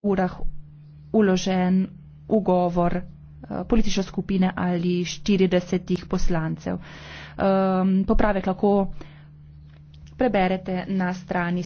urah uložen ugovor eh, politične skupine ali 40 poslancev. Ehm, popravek lahko preberete na strani